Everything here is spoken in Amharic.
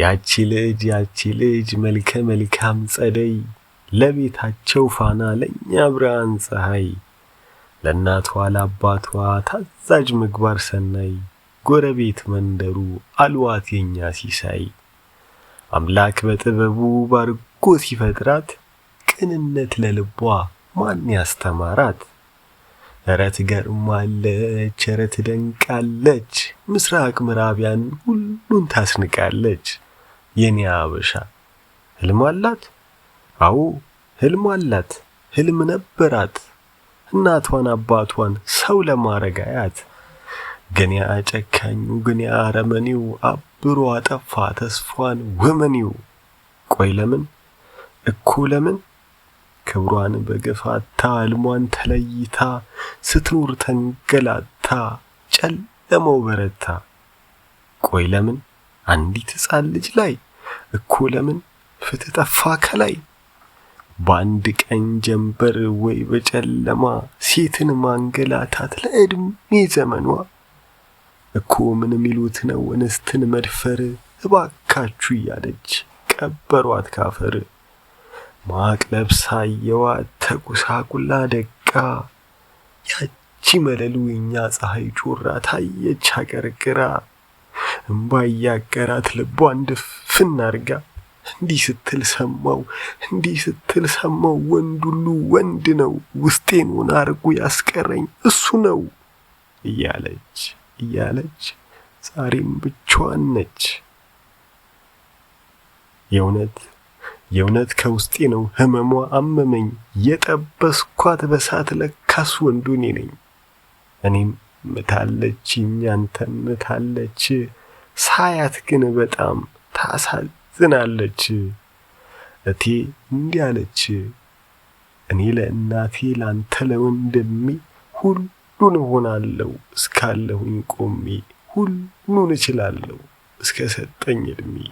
ያቺ ልጅ ያቺ ልጅ መልከ መልካም ጸደይ ለቤታቸው ፋና ለእኛ ብርሃን ፀሐይ ለእናቷ ለአባቷ ታዛዥ ምግባር ሰናይ ጎረቤት መንደሩ አልዋት የኛ ሲሳይ አምላክ በጥበቡ ባርጎ ሲፈጥራት ቅንነት ለልቧ ማን ያስተማራት እረ ትገርማለች፣ እረ ትደንቃለች፣ ምስራቅ ምዕራቢያን ሁሉን ታስንቃለች። የኔ አበሻ ህልም አላት፣ አዎ ህልም አላት፣ ህልም ነበራት እናቷን አባቷን ሰው ለማረግ አያት። ግን ያ ጨካኙ፣ ግን ያ አረመኔው አብሮ አጠፋ ተስፏን ወመኔው። ቆይ ለምን እኮ ለምን ክብሯን በገፋታ አልሟን ተለይታ ስትኖር ተንገላታ ጨለመው በረታ። ቆይ ለምን አንዲት ህፃን ልጅ ላይ እኮ ለምን ፍትህ ጠፋ ከላይ? በአንድ ቀን ጀንበር ወይ በጨለማ ሴትን ማንገላታት ለዕድሜ ዘመኗ እኮ ምን የሚሉት ነው እንስትን መድፈር እባካችሁ እያለች ቀበሯት ካፈር። ማቅ ለብሳ አየዋ ደቃ ያቺ መለሉ እኛ ፀሐይ ጮራ ታየች አቀርቅራ እምባ እያቀራት ልቧን ድፍን አርጋ እንዲህ ስትል ሰማው እንዲህ ስትል ሰማው ወንድ ሁሉ ወንድ ነው ውስጤን ሆነ አርጉ ያስቀረኝ እሱ ነው እያለች እያለች ዛሬም ብቻዋን ነች የእውነት የእውነት ከውስጤ ነው ህመሟ አመመኝ። የጠበስኳት በሳት ለካስ ወንዱ እኔ ነኝ። እኔም ምታለች እኛንተም ምታለች፣ ሳያት ግን በጣም ታሳዝናለች። እቴ እንዲህ አለች፣ እኔ ለእናቴ ላንተ ለወንድሜ ሁሉን እሆናለሁ እስካለሁኝ ቆሜ ሁሉን እችላለሁ እስከ ሰጠኝ እድሜ